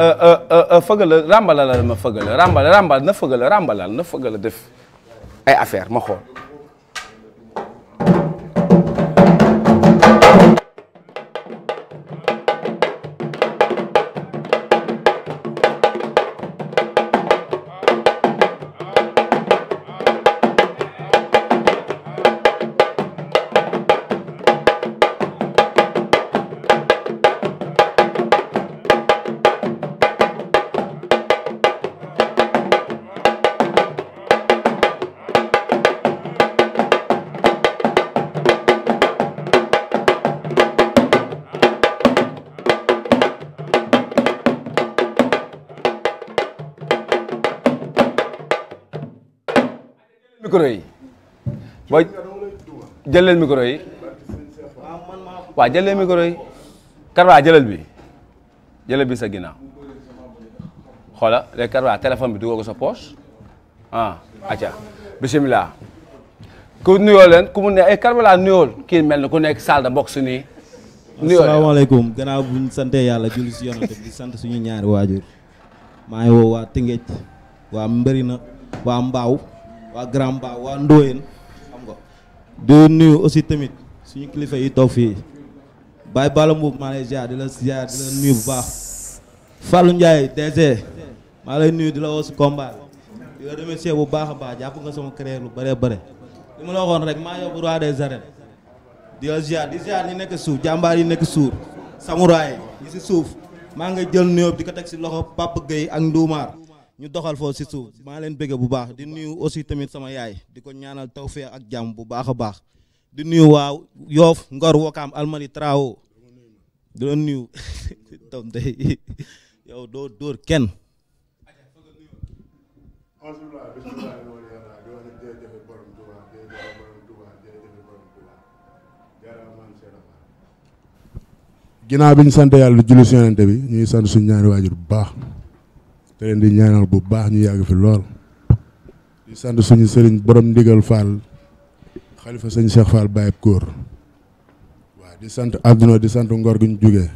Euh, euh, euh, fëgg la ràmbalal ma fëgg la ràmbal ràmbal na fëgg la ràmbalal na fëgg la def ay affaire ma micro yi booy jël bi sa ginnaaw bi duggoo ko sa ah, ku nuyoo leen ku eh, ku nekk salle de boxe nii nuyoo bu ñu santee yàlla julli si yonante bi sant suñu ñaari waajur maa woo waa Tëngéej waa Mbërina waa Mbaaw waa Grand Ba waa Ndoyen di nuyu aussi tamit suñu kilifa yi toog fii Baye Bala Mbuub maa lay ziar di la ziar di la nuyu bu baax Fallou Ndiaye lay nuyu di la woo si bu baax a baax jàpp nga sama créer lu bëree bëri li ma la rek maa yóbbu roi des arènes di la ziar di ziar ñi nekk suuf jàmbaar yi nekk suuf samuraay yi si suuf maa nga jël nuyoo di ko teg si loxo Papa Gueye ak Nduumaar ñu doxal foofu si suuf maa leen bëgg bu baax di nuyu aussi tamit sama yaay di ko ñaanal tawféex ak jàmm bu baax a baax di nuyu waaw Yoof Ngor Wakaam Almadi Trao di la kenn ginnaaw bi ñu sant yàlla di julli si yonente bi ñuy sant suñu ñaari waajur bu baax te leen di ñaanal bu baax ñu yàgg fi lool di sant suñu sëriñ borom ndigal Fall xalifa sëñ Cheikh Fall Baye Koor waa di sant àdduna di sant ngor gi ñu jógee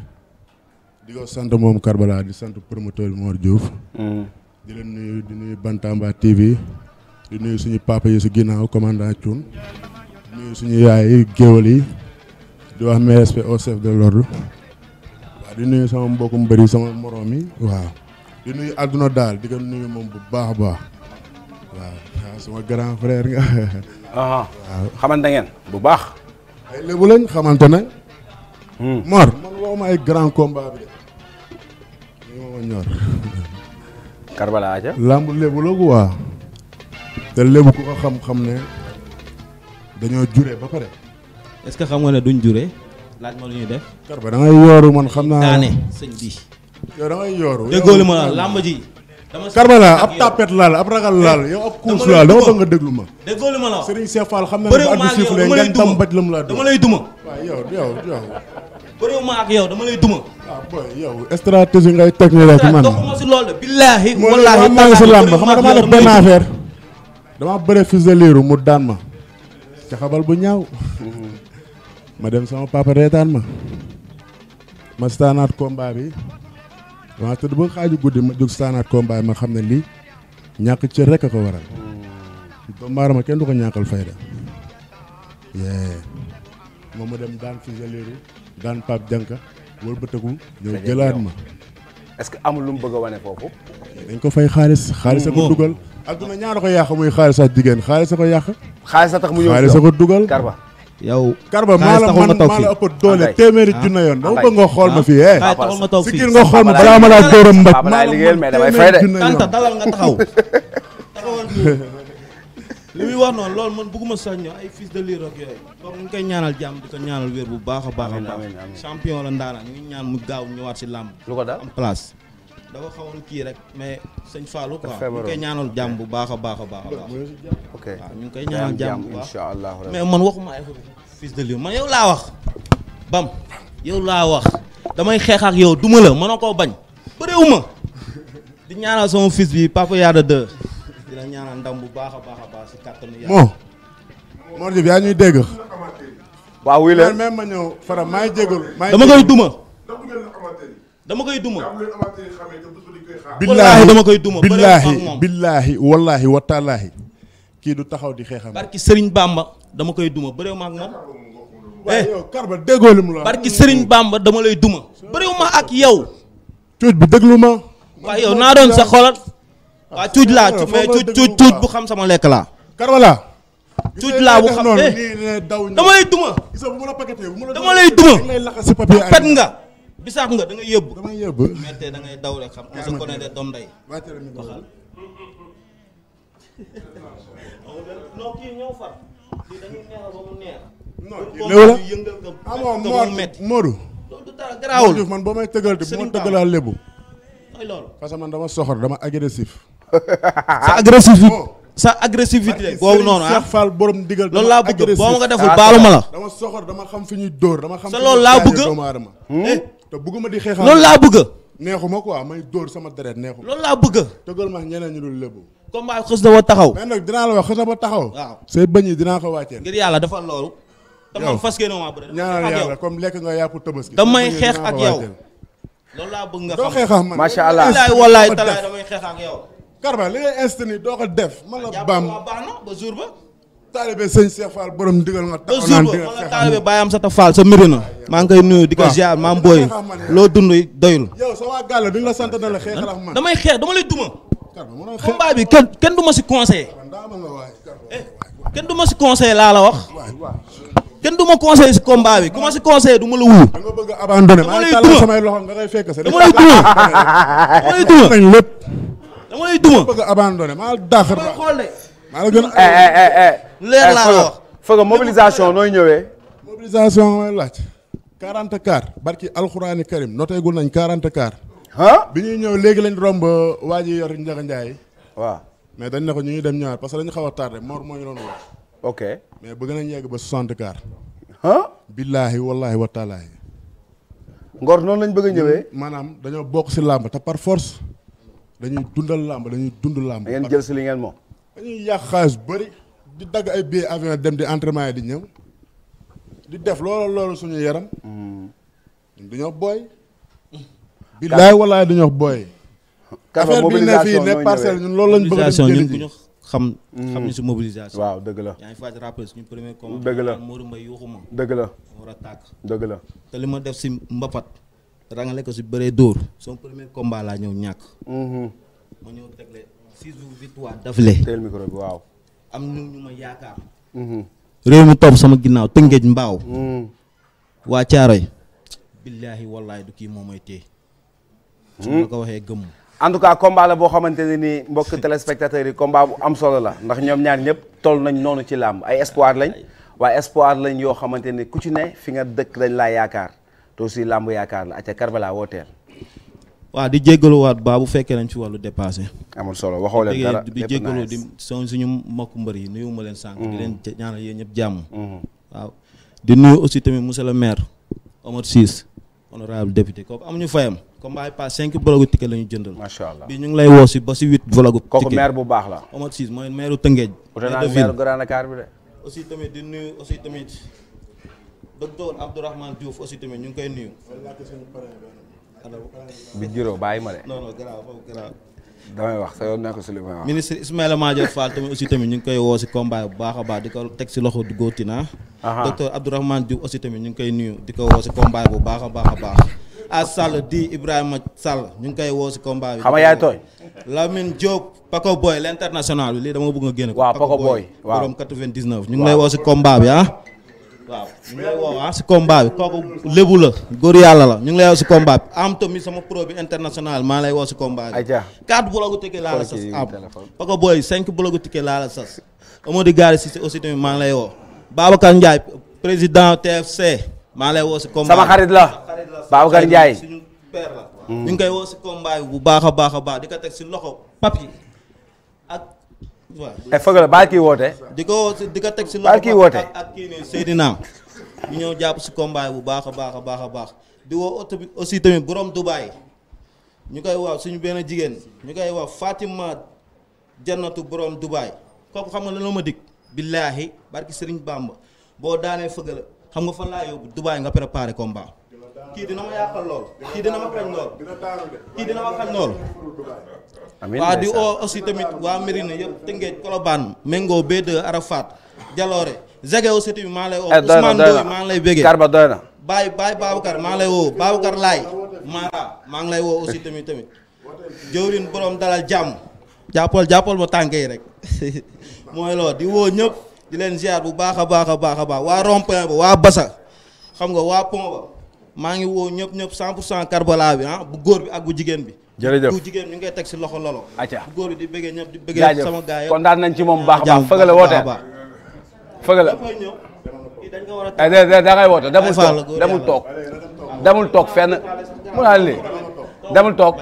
di ko sant moom Karbala di sant promoteur Mor Diouf mm. di leen nuy di nuyu Bantamba TV di nuyu suñu papa yi su ginnaaw commandant Thioune di suñu yaay yi géwal yi di wax mes respect au chef de l'ordre waaw di nuyu sama mbokkum bëri sama moroom yi waaw di nuyu àdduna daal di ko nuyu moom bu baax a baax waaw suma grand frère nga. xamante ngeen bu baax. ay lébu lañ xamante ne. Hmm. Mor man waxuma ay grand combat de. ñu lébu la quoi. te lébu ku ko xam-xam ne dañoo jure ba pare. est-ce que xam nga ne duñ jure. laaj ma ñuy def. Karbala yooru man xam naa daane yow da ab tapet laal ab ragal laal yow ab kuus laal dama bëgg nga déglu ma. déggoo li xam ne bu at bi sifflé yow yow ah, ngay teg ni rek man. billaahi wallaahi maa ngi xam nga damaa def benn affaire. damaa bëre fils mu daan ma. ca xabal bu ñaaw. ma dem sama papa reetaan ma. ma staanaat combat bi. waaw te ba xaaju guddi ma jóg saanaat combat ma xam ne lii ñàkk cër rek a ko waral doomu hmm. aadama kenn du ko ñàkkal fayda moom ma dem daan fi jaleeru daan Pape Janka wëlbatiku ñëw jëlaat ma que amul lu mu a wane foofu dañ ko fay xaalis xaalis a ko hmm. dugal adduna ñaar ko yàq muy xaalis ak jigéen xaalis a ko yàq xaalis a tax mu ñëw xaalis a yow Garba maa la man maa la ëpp doole téeméeri ah. junne yoon dama bëgg nga xool ma fii eh ah. taxul ma toog fii sikir nga xool ma balaa ma laa dóoram mbaj maa la man téeméeri junne yoon tanta dalal nga taxaw taxawal li muy wax noonu loolu man bëgguma soñño ay fils de lire ak yooyu kooku ñu koy ñaanal jàmm di ko ñaanal wér bu baax a baax a baax champion la ndaana ñu ngi ñaan mu gaaw ñëwaat si làmb lu ko daal am place dafa xawoon kii rek mais sëñ Fallou quoi ñu ngi koy ñaanal jàmm bu baax a baax a baax a baax waaw ñu ngi koy ñaanal jàmm bu baax mais man waxuma ay fils de Lion man yow laa wax bam yow laa wax damay xeex yow duma la mënoo koo bañ bëréewu ma di ñaanal sama fils bi papa Yada de di bu baax a baax a baax si kàttanu Yàlla. moo Mor yaa ñuy dégg. dama koy duma. dama koy duma. billaahi dama koy duma. billaahi wallaahi wataalaahi kii du taxaw di xeexam. barki Serigne Bamba. dama koy duma bëréew ma ak moom eh Karba déggoo li mu la barki Serigne Bamba dama lay duma bëréew ma ak yow cuuj bi lu ma waaw yow naa doon sa xoolal waaw cuuj laa mais cuuj cuuj cuuj bu xam sama lekk laa Karba laa cuuj laa bu xam eh dama lay duma dama lay duma pet nga bisaab nga da nga yëbbu damay yëbbu mettee da ngay daw rek xam on se connaît des doom léegi ah bon Modou Modou Diouf man boo may tëggal di bu ma tëggalaa lébu parce que man dama soxor dama agressif. sa agressif sa agressivité boobu noonu ah Fall borom digal loolu laa bëgg boo ma ko deful ah, baalu ma la. dama soxor dama xam fi ñuy dóor dama xam. Hmm? Eh, te loolu laa bëgg te bëgguma di xeexal loolu laa bëgg. neexuma quoi may dóor sama deret neexuma. loolu laa bëgg. tëggal ma ñeneen ñu dul lébu. combat xës na ba taxaw. mais nag dinaa la wax xës na ba taxaw. waaw say bëñ yi dinaa ko wàcceel. ngir yàlla dafa loolu. yow dama fas yéene maa bëri. ñaanal yàlla comme lekk nga yàpp tabaski. damay xeex ak yow. loolu laa bëgg nga xam doo xeex ak man. macha allah walaay walaay li ngay instant doo ko def. man la ah, bam ba jour ba. taalibe sëñ Cheikh Fall borom ndigal nga taxaw naan digal xeex taalibe Bayam Sata Fall sa mbir na. maa ngi koy nuyu di ko ziar maam booy. loo dund doyul. yow sa waa gàll duñ la sant na la xeexal ak man. damay xeex dama lay duma. combat bi kenn kenn du ma si conseil kenn du ma si conseil laa la wax kenn du ma conseil si combat bi ku si conseil du ma la wuyu. a abandonné maa ngi tàllal samay loxo nga koy fekk sa. dama lay duma dama lay duma nañ lépp. dama lay duma bëgg a abandonné maa dàq. maa xool de. maa la gën eh, eh, eh, leer laa la wax. foog mobilisation nooy ñëwee. mobilisation mooy laaj. 44 barki alxuraani karim noteegul nañ 44. ah bi ñuy ñëw léegi lañ romb uh, waa ji yor Ndiaga Ndiaye. waaw mais dañ ne ko ñu ngi dem ñaar parce que dañu xaw a tardé Mor moo ñu doon wax. ok mais bëgg nañ yegg ba 60 car. ah. billaahi wallaahi wa taalaahi. ngor noonu lañ bëgg a ñëwee. maanaam dañoo bokk si làmb te par force dañuy dundal làmb dañuy dund làmb. da ngeen jël si li ngeen moom. dañuy yàq xaalis bëri di dagg ay billet avion dem di entraînement yi di ñëw di def loolu loolu suñu yaram. Hmm. dañoo booy. bilaay walaay dañu wax booy. affaire bi ne fii ne parcelle ñun loolu lañ bëgg a jëriñ ku ñu xam. Mm. xam ni si mobilisation. waaw dëgg la te li ma def si mbapat. rangale ko si bëree dóor. son premier combat laa ñëw ñàkk. Mm-hmm. ma ñëw tegle six jours victoire d'affilée. teel micro bi am ñu ñu ma yaakaar. Mm-hmm. réew mi topp sama ginnaaw tëngeej mbaaw. Mm. waa Caaroy. billaahi wallaahi du kii moo may téye. su ma ko waxee gëmm en tout cas combat la boo xamante ne ni mbokk téléspectateurs yi combat bu am solo la ndax ñoom ñaar ñëpp toll nañ noonu ci làmb ay espoir lañ waaye espoir lañ yoo xamante ni ku ci ne fi nga dëkk dañ laa yaakaar te aussi làmb yaakaar la acca Karbala wooteel waaw di waat baa bu fekkee nañ fi wàllu dépassé amul solo waxoo leen dara di jéggalu di son suñu mbokk mbër yi nuyu uma leen sànq di mm-hmm. leen ñaanal yéen ñëpp jàmm mm-hmm. waaw di nuyu aussi tamit monsieur le maire Omar Cisse honorable député kooku amuñu fayam comme ay pass cinq vlogu ticket la ñu jëndal macha allah bii ñu ngi lay woo si ba si huit vlogu ticket kooku maire bu baax la Omar Cisse mooy maire Tëngéej maire Grand aussi tamit di nuyu aussi tamit aussi tamit ñu ngi koy nuyu bi juróom bàyyi ma de damay wax sa yoon nekk si li may wax. ministre Ismaïla tamit aussi tamit ñu ngi koy woo si combat bu baax a baax di ko teg si loxo di Gotina. docteur Abdourahmane Diouf aussi tamit ñu ngi koy nuyu di ko woo si combat bu baax a baax a baax. a Sall di Ibrahima Sall ñu ngi koy woo si combat bi. xam nga yaay tooy. Lamine Diop Paco Boy l' international bi lii dama bëgg nga génn. waaw Paco Boy Paco Boy borom 99. waaw ñu ngi lay woo si combat bi ah. waaw ñu ngi lay woo ah, si combat bi kooku lébu la góor yàlla la ñu ngi lay woo si combat bi am tamit sama pro bi international maa lay woo si combat bi. ayca 4 bologu ticket laa la sas am Paka Boy 5 la sas. Amady Gare si aussi tamit maa lay woo Babacar Ndiaye président maa lay woo si combat la Babacar Ndiaye suñu père hmm. ñu ngi koy woo si combat bi bu baax a baax a baax di ko teg si loxo papi ak. waaw eh, Feugeleu baal kii woote. di ko woo di ko teg si loxo. baal woote ak kii nii Seydina. ñu ñëw jàpp si combat bu baax a baax a baax a baax di woo aussi tamit borom Dubaay ñu koy waaw suñu benn jigéen ñu koy waaw Fatima Jannatu borom Dubaay kooku xam nga lan la ma dig. billaahi barki Serigne bàmb boo daanee Feugeleu xam nga fan laa yóbbu Dubaay nga préparé combat. kii dina ma yàqal lool. kii dina ma xañ lool. kii lool. amiin waaw di oo aussi tamit waa Mérina yëpp Tëngéej Colobane Mengo B2 Jaloore Zege aussi tamit maa lay oo eh, Ousmane Ndoye maa ngi lay bégee Karba doy na Baye Baye maa lay woo Babacar Laay maa ngi lay woo aussi tamit tamit jëwrin borom dalal jàmm jàppal jàppal ma tànk yi rek mooy loolu di woo ñëpp di leen ziar bu baax a baax a baax a waa rond ba waa basa xam nga waa pont maa ngi woo ñëpp ñëpp 100 pour cent Karbala bi ah bu góor bi ak bu jigéen bi jërëjëf ku jigéen ñu ngi teg si loxo lolo. góor yi di bëggee ñëpp di bëggee sama gaay kon daan nañ ci moom baax baax fëgg la woote fëgg la da ngay woote demul toog demul toog demul toog fenn mu naa lii demul toog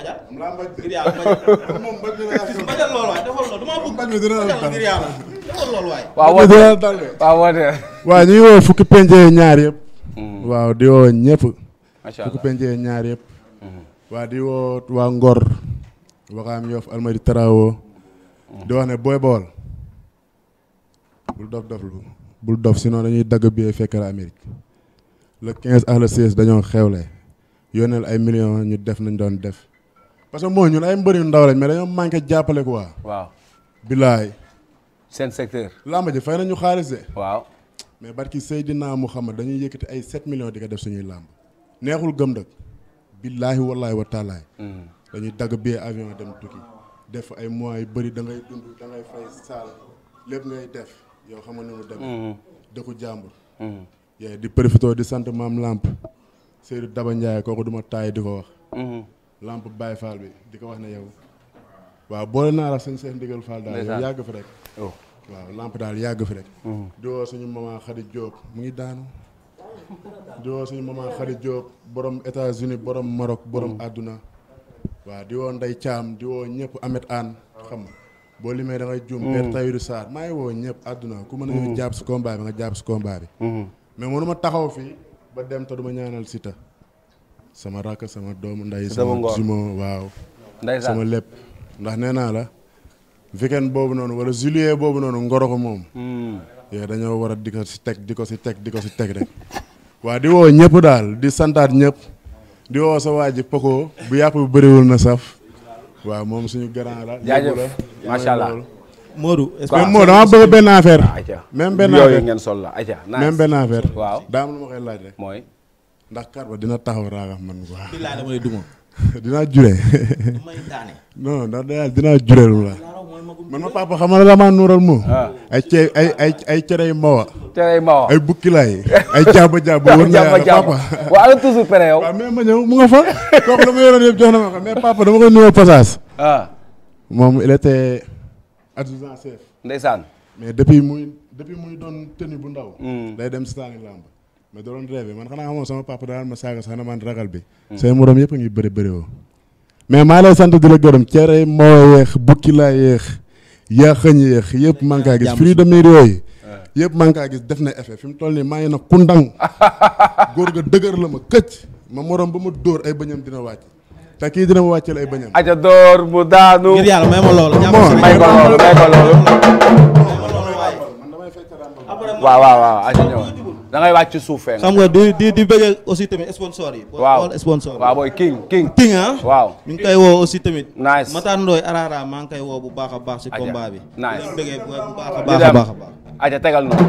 waaw woote waaw ñuy woo fukki penjee ñaar yëpp hmm. waaw di woo ñëpp fukki penjee ñaar yëpp waa di woo waa Ngor waxaam Yoff Almadi Tarawo oh. di wax ne booy bool bul dof dof bul dof sinon dañuy dagg bi fekk la Amérique le 15 à le dañoo xewle yónneel ay millions ñu def nañ doon def parce que moo ñun ay mbëri ndaw lañ mais dañoo manqué jàppale ko waa bilaay. seen secteur. làmb ji fay nañu xaalis de. waaw mais mu Seydina Mouhamed dañuy yëkkati ay 7 millions di ko def suñuy làmb neexul gëm dëkk. billaahi wallaahi wa taalaay mm. dañuy dagg billet avion dem tukki def ay mois yu bëri da dund da ngay fay saal lépp ngay def yow xam nga ni mu demee mm. dëkku jàmbur mm. yee di profité di sant maam lamp Seydou Daba Ndiaye kooku duma taay di ko wax mm-hmm. lamp Baye Fall bi di ko wax na yow waaw boole naa la sañ seen ndigal Fall daal yow yàgg fi rek oh. waaw lamp daal yàgg fi rek mm-hmm. di woo suñu maman Khady Diop mu ngi daanu di woo suñu maman Khady Diop borom États-Unis borom Maroc borom mm. àdduna waaw di woo Ndeye Thiam di woo ñëpp Ahmed Anne xam boo limee da ngay juum mm. père Tahirou Sarr ngi woo ñëpp àdduna ku mën a ñëw mm. jàpp si bi nga jàpp si bi mais mënuma taxaw fii ba dem te du ma ñaanal Siteu sama rakk sama doomu nday sama suma waaw sama lépp ndax nee naa la weekend boobu noonu wala juillet boobu noonu ngoro ko moom yee dañoo war a di ko si teg di ko si teg di ko si waa di woo ñëpp daal di santaat ñëpp di woo sa waa ji Paco bu yàpp bu bëriwul na saf waaw moom suñu grand la. jaajëf macha allah Modou est bëgg benn affaire. même benn affaire la ayca daa am lu ma koy laaj rek. mooy. ndax Karba dina taxaw raagax man ma papa xam nga la nuural moom. Ah. ay cee ay ay ay cerey mawa. cerey mawa ay bukkilaay ay jaaba jaaba wër na yàlla papa. waaw ala toujours pere yow. waaw mais ma ñëw mu la ma yoroon yëpp jox na ma ko mais ah. doon tenue bu ndaw. Hmm. man xanaa xamoon sama papa daan ma saaga sax na man ragal bi. Hmm. say morom yëpp a ngi bëri bëri woo. mais maa lay sant di la gërëm cere mawa yeex bukkilaay yeex. yaa xëñ yéex yëpp maa ngi kaa gis Free the Médio yi yëpp maa kaa gis def na effet fi mu toll nii maa na kundang góor ga dëgër la ma këcc ma morom ba ma dóor ay bañam dina wàcc te kii dina ma wàcceel ay bañam aja dóor bu daanu ngir may ma loolu may ko loolu may ko loolu waaw waaw waaw aja da ngay ci suuf fee. xam nga di di di bëggee aussi tamit sponsor yi. waaw booy sponsor waaw booy king king. king ah waaw. ñu ngi koy woo aussi tamit. nice Matar Ndoye maa ngi koy woo bu baax a baax. si combat bi nice bu baax a baax a baax. aja tegal noonu.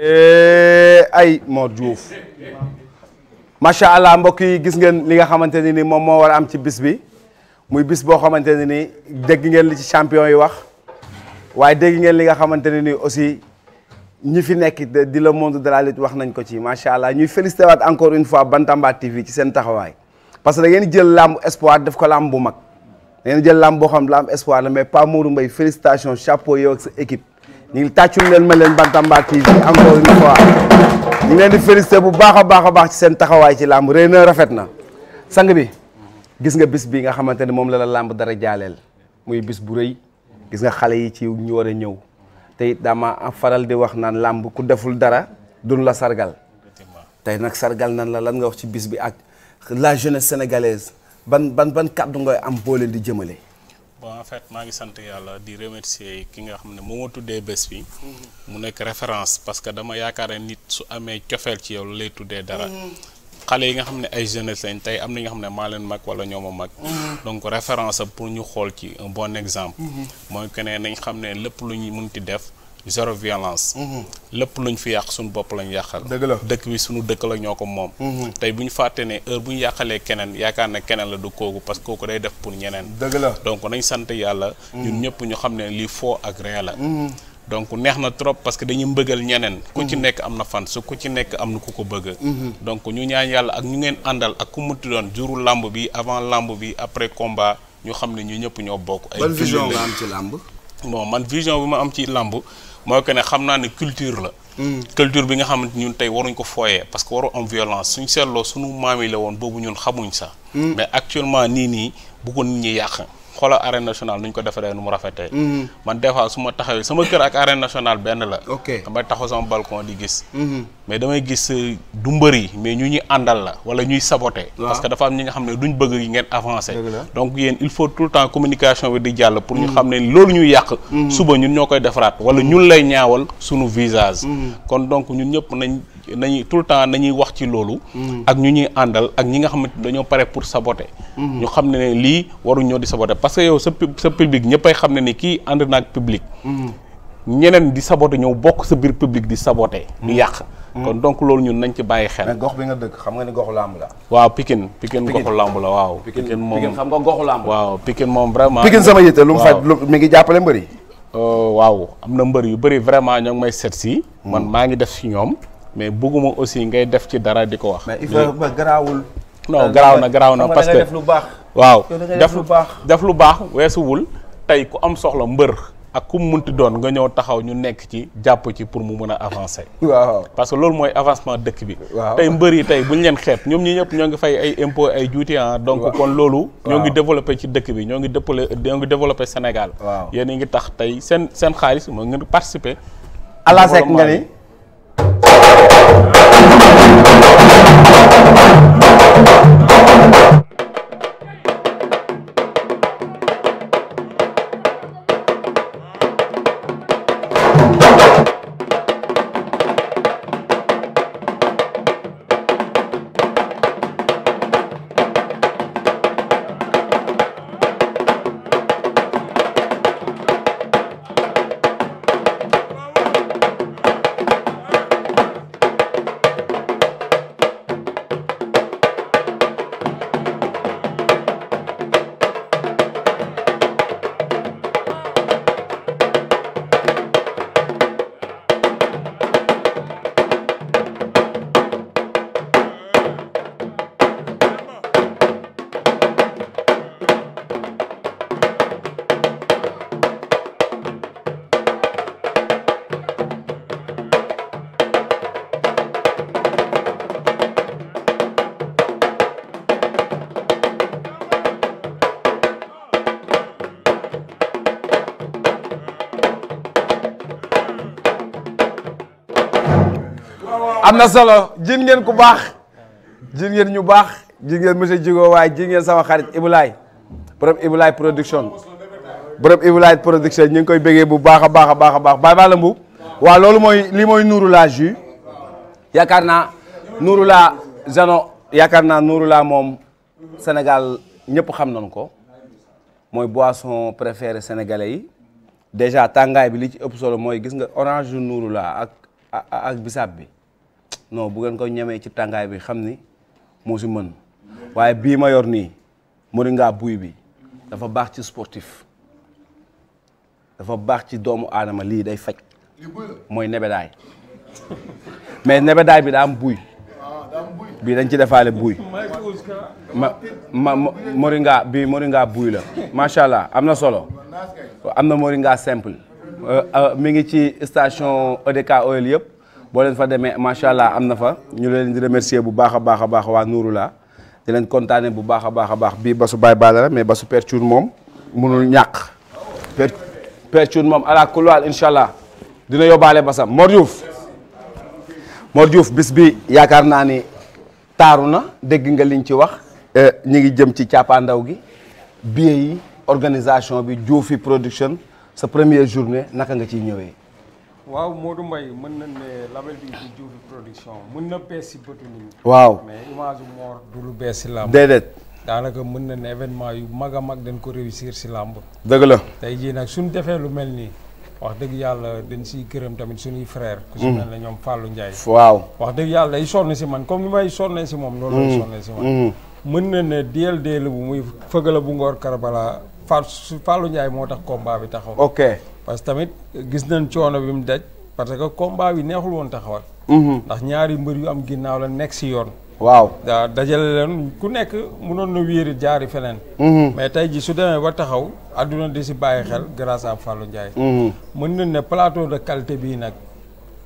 Eh, ay Mor Diouf macha allah mbokk yi gis ngeen li nga xamante ne ni moom moo war a am ci bis bi muy bis boo xamante ne ni dégg ngeen li ci champion yi wax waaye dégg ngeen li nga xamante ne ni aussi ñi fi nekk di la monde de la lutte wax nañ ko ci macha allah ñuy félicité waat encore une fois Bantamba TV ci seen taxawaay parce que da ngeen jël làmb espoir def ko làmb bu mag da jël làmb boo xam làmb espoir la mais Pa Modou Mbaye félicitation chapeau yow ak s équipe. ñu ngi tàccul leen ma leen Bantamba TV encore une fois ñu ngi leen di félicité bu baax a baax a baax ci seen taxawaay ci làmb rëy na rafet na sang bi gis nga bis bi nga xamante ne moom la la làmb dara jaaleel muy bis bu rëy gis nga xale yi ci ñu war a ñëw te dama dama faral di wax naan làmb ku deful dara duñ la sargal tey nag sargal nan la lan nga wax ci bis bi ak la jeunesse sénégalaise ban ban ban kàddu ngay am booleel di jëmale bon en fait maa ngi sant yàlla di remercier ki nga xam ne moo ma tuddee bés bi. Mm-hmm. mu nekk référence parce que dama yaakaar ne nit su amee cofeel ci yow lay tuddee dara. Mm-hmm. xale yi nga xam ne ay jeunesse lañ tey am na nga xam ne maa leen mag wala ñoo ma mag. Mm-hmm. donc référence pour ñu xool ci un bon exemple. mooy que nañ xam ne lépp lu ñu ti def. zéro violence. Mhm. lépp luñ fi yàq suñu bopp lañ yàqal. dëgg la dëkk bi suñu dëkk la ñoo ko moom. Mhm. tey bu ñu fàtte ne heure bu ñu yàqalee keneen yaakaar na keneen la du kooku parce que kooku day def pour ñeneen. dëgg la donc nañ sant yàlla. Mhm. ñun ñëpp ñu xam ne lii foo ak ree la. donc neex na trop parce que dañu bëggal ñeneen. ku ci nekk am na fan su ku ci nekk am na ku ko bëgg. donc ñu ñaan yàlla ak ñu ngeen àndal ak ku muti doon juru làmb bi avant làmb bi après combat ñu xam ne ñu ñëpp ñoo bokk. ay vision am ci làmb. bon man vision bi ma am ci làmb mooy que ne xam naa ne culture la. Hmm. culture bi nga xamante ñun tey waruñ ko fooyee parce que waru am violence suñ seetloo suñu maam yi woon boobu ñun xamuñ sax. Hmm. mais actuellement nii nii bu ko nit ñi yàq. xoolal arène nationale nu ñu ko defaree nu mu rafetee. Mhm. man des fois taxawee sama kër ak arène nationale benn la. damay taxaw sama balcon di gis. Mhm. mais damay gis euh, du mbër yi mais ñu ñuy àndal la wala ñuy saboter. parce que dafa am ñi nga xam ne duñ bëgg yi ngeen avancer. donc yéen il faut tout le temps communication bi di jàll. pour ñu mhm. xam ne loolu ñuy yàq. suba ñun ñoo koy defaraat wala ñun lay ñaawal sunu visage. kon donc ñun ñëpp nañ. nañuy tout le temps nañuy wax ci loolu. Mm. ak ñu ñuy àndal ak ñi nga xamante dañoo pare pour saboter. Mm. ñu xam ne lii waruñoo di saboter parce que yow sa sa public ñëppay xam ne ni kii ànd ak public. Mm. ñeneen di saboter ñëw bokk sa biir public di saboter. di yàq. kon donc loolu ñun nañ ci bàyyi xel. mais gox bi nga dëkk xam nga ni goxu làmb la. waaw Pikine Pikine goxu làmb la waaw. Pikine moom xam nga goxu làmb. waaw Pikine moom vraiment. Pikine sama yitte lu mu faj mi ngi jàppale mbër yi. Euh, waaw am na mbër yu bëri vraiment ñoo ngi may seet si. man maa ngi def si ñoom. mais bëgguma aussi ngay def ci dara di ko wax. mais il garaawul. non garaaw na garaaw na parce que lu baax. waaw def lu baax def lu baax weesuwul tey ku am soxla mbër. ak ku mu munti doon nga ñëw taxaw ñu nekk ci jàpp ci pour mu mën a avancer. waaw parce que loolu mooy avancement dëkk bi. tey mbër yi tey buñ leen xeeb ñoom ñi ñëpp ñoo ngi fay ay impôt ay juuti ah. donc kon loolu. ñoo ngi développé ci dëkk bi ñoo ngi développé ñoo ngi développé Sénégal. waaw yéen ngi tax tey seen seen xaalis moo ngi participer. à la nga ni. na solo jin ngeen ku baax jin ngeen ñu baax jin ngeen monsieur Djigo waaye jin ngeen sama xarit Ibulaay borom Ibulaay production borom Ibulaay production ñu ngi koy bëggee bu baax a baax a baax a baax bàyyi baa la mbu waaw loolu mooy li mooy nuuru laa jus yaakaar naa nuuru laa jano yaakaar naa nuuru laa moom Sénégal ñëpp xam nañu ko mooy boisson préférée sénégalais yi déjà tàngaay bi li ci ëpp solo mooy gis nga orange nuuru laa ak ak bisaab bi non bu ngeen ko ñemee ci tàngaay bi xam ni moo si mën waaye bii ma yor nii moringa buy bi dafa baax ci sportif dafa baax ci doomu aadama lii day faj mooy nebedaay mais nebedaay bi daam buy bii dañ ci defaale buy ma ma moringa bii moringa buy la macha allah am na solo am na moringa simple euh, euh, mi ngi ci station EDK oil yëpp boo leen fa demee macha allah am na fa ñu leen di bu baax a baax a baax waa Nuuru laa di leen kontaane bu baax a baax a baax bii basu baay baala la mais basu percure moom munul ñàkk per percure moom ala kulluwaal incha allah dina yóbbaale basam Mor Diouf Mor Diouf bis bi yaakaar naa ni taaru na dégg nga liñ ci wax. Eh, ñu ngi jëm ci càppaandaw gi billet yi organisation bi Diofi production sa première journée naka nga ciy ñëwee. waaw Modou Mbaye mën na ne label bi di Diouf production mën na bees si bëtu nit ñi waaw mais image Mor du lu bees si làmb déedéet daanaka mën na ne événement yu mag a mag dañ ko réussir si làmb dëgg la tey jii nag suñ defee lu mel nii wax dëgg yàlla dañ siy gërëm tamit suñuy frère ku si mm. mel ne ñoom Fallou Ndiaye waaw wax dëgg yàlla day sonn si man comme ni may sonnee si moom loolu lay mm. sonnee si man mm. mën na ne deel deel bu muy fëgala bu ngoor Karbala Fallou Ndiaye moo tax combat bi taxaw ok parce que tamit gis nañ coono bi mu daj parce que combat yi neexul woon taxawal. Mhm. ndax ñaari mbër yu am ginnaaw la nekk si yoon. waaw da dajale leen ku nekk mënoon na wéeri jaari feneen. Mhm. mais tey ji su demee ba taxaw adduna di si bàyyi xel grâce à Fallou Ndiaye. Mhm. mën nañ ne plateau de qualité bii nag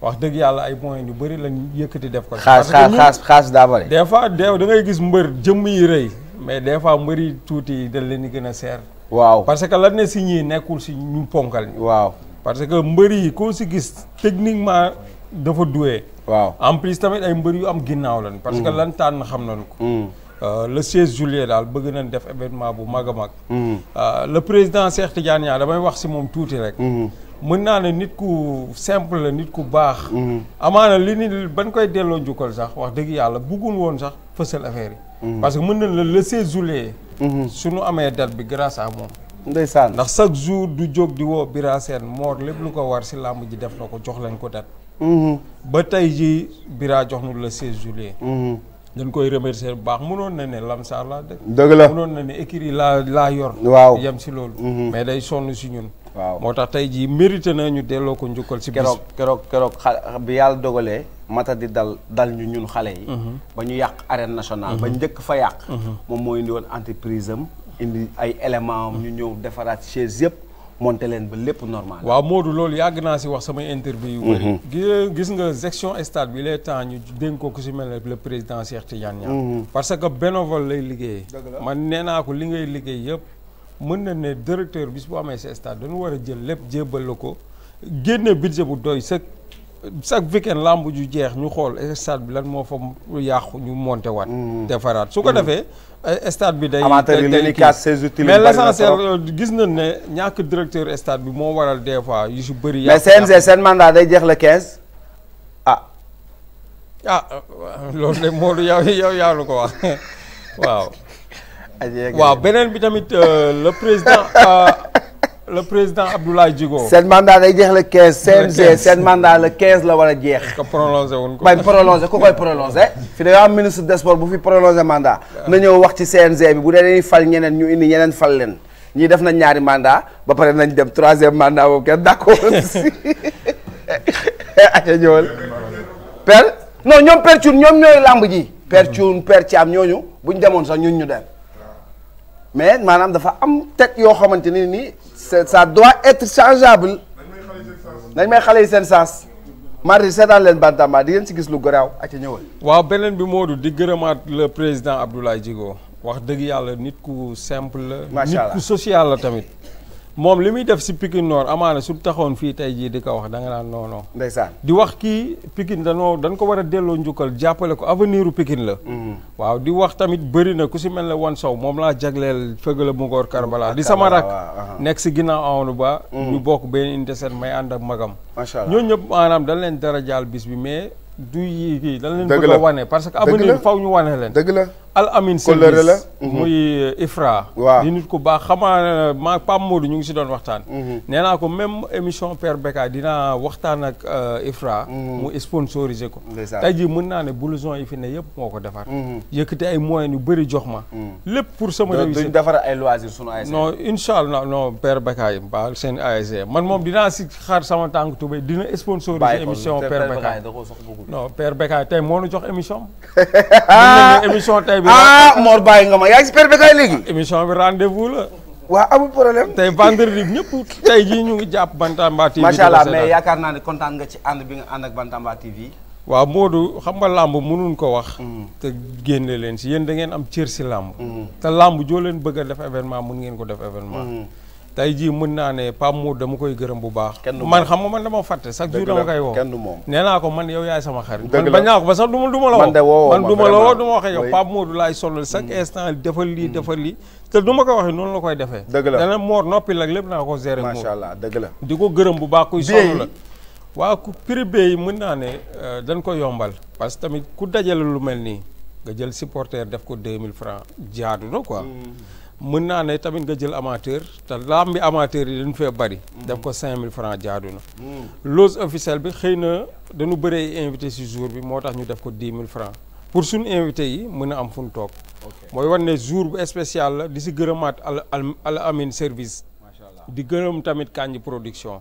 wax dëgg yàlla ay moyens yu bëri lañ yëkkati def ko. xaas xaas xaas daa bëri. des fois da ngay gis mbër jëm yi rëy mais des fois mbër yi tuuti dañ leen di gën a seer. waaw parce que lan ne si ñii nekkul si ñu ponkal waaw parce que mbër yi koo si gis techniquement dafa doué. waaw en plus tamit ay mbër yu am ginnaaw lañ. parce que mm. lan tànn xam nañu ko. Mm. Euh, le 16 juillet daal bëgg na def événement bu mag a mag. Mm. Euh, le président Cheikh Tidiane Niang damay wax si moom tuuti rek. mën naa ne nit ku simple la nit ku baax. amaana li ni ban koy delloo njukkal sax wax dëgg yàlla bëggul woon sax fësal affaire yi. parce que mën nañ la le 16 Mm-hmm. su nu amee date bi grâce à moom saan ndax chaque jour du jóg di woo Bira Sène moor lépp lu ko war si làmb ji def na ko jox lañ ko date mm-hmm. ba tey ji Bira jox nu la 16 juillet mm-hmm. dañ koy remercier bu baax mënoon na ne lamsaar laa dëkk dëgg la mënoon na ne écrit laa laa yor waaw yem si loolu mais day sonn si ñun waaw moo tax tey jii mérité na ñu delloo ko njukkal si bis keroog keroog keroog bi yàlla dogalee mata di dal dal ñu ñun xale yi mhm. ba ñu yàq arène nationale ba mhm. njëkk fa yàq mhm. moom mooy indi woon entreprise am indi ay élément am ñu ñëw defaraat chaise yëpp moonte leen ba lépp normal waaw Modou loolu yàgg naa si wax samay interview yu bëri gis nga section stade bi les temps ñu dénk ko ku si mel ne le président Cheikh Tidiane Niang parce que bénévole lay liggéeyee man nee naa ko li ngay liggéey yëpp mën na ne directeur bis bu amee si stade dañu war a jël lépp jébbal ko génne budget bu doy sëkk chaque weekend lamb ju jeex ñu xool stade bi lan moo fa yàqu ñu monté waat. Mm. defaraat su ko mm. defee. Eh, stade bi day day kii mais l'essentiel euh, gis na ne ñàkk directeur stade bi moo waral des fois yu si bëri. yàqu mais CNG seen mandat day jeex le 15. ah. ah euh, loolu yaa ko wax waaw. beneen bi tamit euh, le président. le président Abdoulaye Djigo. seen mandat day jeex le quinze CNG seen mandat la 15 la war a jeex. ko prolongé wuñ ko. bay prolongé koy prolongé. fi dañoo am ministre des sports bu fi prolongé mandat. na ñëw wax ci CNG bi bu dee dañuy fal ñeneen ñu indi ñeneen fal leen ñii def na ñaari mandat ba pare nañ dem troisième mandat boobu kenn d'accord si. aywa ñëwal. per non ñoom per cuun ñoom ñooy làmb ji. per cuun per ci am ñooñu bu ñu demoon sax ñu ñu dem. mais maanaam dafa am teg yoo xamante ni nii. ça doit être changeable nañ may xale yi seen sens mardi seetaan leen bantamba di ngeen si gis lu garaaw ak ñëwal waaw beneen bi Modou di gërëmaat le président Abdoulaye Djigo wax dëgg yàlla nit ku simple la nit ku social la tamit moom li muy def si Pikine noor amaana su taxoon fii tey jii di ko wax da nga naan non non. di wax kii Pikine danoo dañ ko war a delloo njukkal jàppale ko avenir pikin la. Mm-hmm. waaw di wax tamit bëri na ku si mel ne wan sow moom laa jagleel fëgala mu ngoor Karbala di sama rak uh-huh. nekk si ginnaaw awoonu ba. Mm. ñu bokk benn unité seen may ànd ak magam. macha allah ñooñu ñëpp maanaam dañ leen dara jaal bis bi mais du yii kii dañ leen bëgg a wane parce que avenir faw ñu wane leen dëgg la al amin service la mhm. muy euh, Ifra. waaw nit ku baax xamaa ma Pape Modou ñu ngi si doon waxtaan. Mhm. nee naa ko même émission Père Beka dinaa waxtaan ak euh, Ifra. Mhm. mu sponsorisé ko. tey jii mën naa ne blouson yi fi ne yëpp moo ko defar. yëkkati ay moyens yu bëri jox ma. lépp pour sama réussite duñ defar ay loisir sunu e. incha allah non Père Beka yi ba seen ASC e. man moom dinaa si xaar sama tànk tubéy dina sponsorisé émission Père Beka. non Père Beka tey moo nu jox émission. tey. bi ah Mor bàyyi nga ma yaa ngi si perbekaay léegi. émission bi rendez-vous la. waa amul problème tey vendredi bi ñëpp tey jii ñu ngi jàpp Bantamba TV. macha allah mais yaakaar naa ne kontaan nga ci ànd bi nga ànd ak Bantamba TV. waaw Modou xam nga làmb mënuñ ko wax. Mm. te génne leen si yéen da ngeen am cër si làmb. Mm. te làmb joo leen bëgg a def événement mun ngeen ko def événement. Mm. tey jii mën naa ne Pape Mour dama koy gërëm bu baax. man xam ma man dama fàtte chaque jour dama koy woo. kenn moom nee naa ko man yow yaay sama xarit. man bañ naa ko ba sax du ma du ma la woo. man du ma la woo du ma wax laay solal chaque mm. instant defal lii mm. defal lii. te du ma ko waxee noonu la koy defee. dëgg la dana moor noppi la lépp naa ko gérer. macha allah dëgg la di ko gërëm bu baax kuy sonn la. waa ku prix yi mën naa ne euh, dañ ko yombal. parce que tamit ku dajale lu mel nii nga jël supporter def ko deux 2000 francs jaadu na quoi mm. mën naa ne tamit nga jël amateur te bi amateur yi dañu fee bari. def ko cinq mille francs jaadu na. loge officielle bi xëy na dañu bëree invité si jour bi moo tax ñu def ko 10 mille francs pour suñu invité yi mën a am fu ñu toog. mooy wan ne jour bu spécial la di si gërëmaat al al amin service. di gërëm tamit Kandji production.